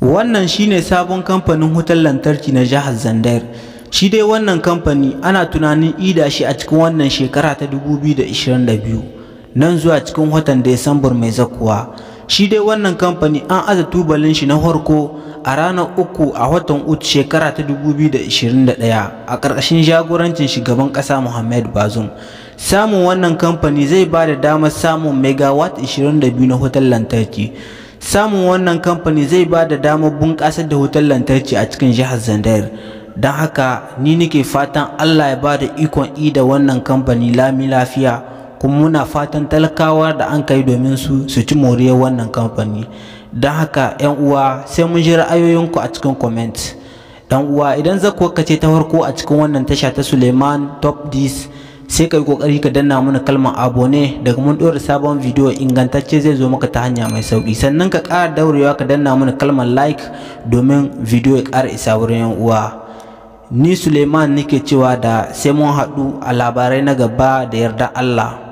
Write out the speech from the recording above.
wannan shine sabon kamfanin wutar lantarki na jihar zandar shi dai wannan kamfani ana tunanin ida shi a cikin wannan shekara ta 2022 nan zuwa cikin watan Desambar mai zakuwa shi dai wannan kamfani an aza tubalin shi na farko a ranar uku a watan ut shekara ta 2021 a ƙarƙashin jagorancin shugaban ƙasa Muhammad Bazum. samun wannan kamfani zai ba da damar samun megawatt 22 na wutar lantarki samun wannan kamfani zai ba da damar bunƙasar da wutar lantarki a cikin jihar zandar don haka ni nake fatan allah ya ba da ikon i da wannan kamfani lami lafiya kuma muna fatan talakawa da an kai domin su su ci moriyar wannan kamfani don haka yan uwa sai mun ji ra'ayoyinku a cikin comment dan uwa idan zakuwa kace ta farko a cikin wannan tasha ta suleiman top 10 sai kai kokari ka danna mana kalmar abone daga mun dora sabon video ingantacce zai zo maka ta hanya mai sauki sannan ka ƙara daurewa ka danna mana kalmar like domin video ya ƙara isa wurin yan uwa ni Suleiman nake cewa da sai mun haɗu a labarai na gaba da yarda Allah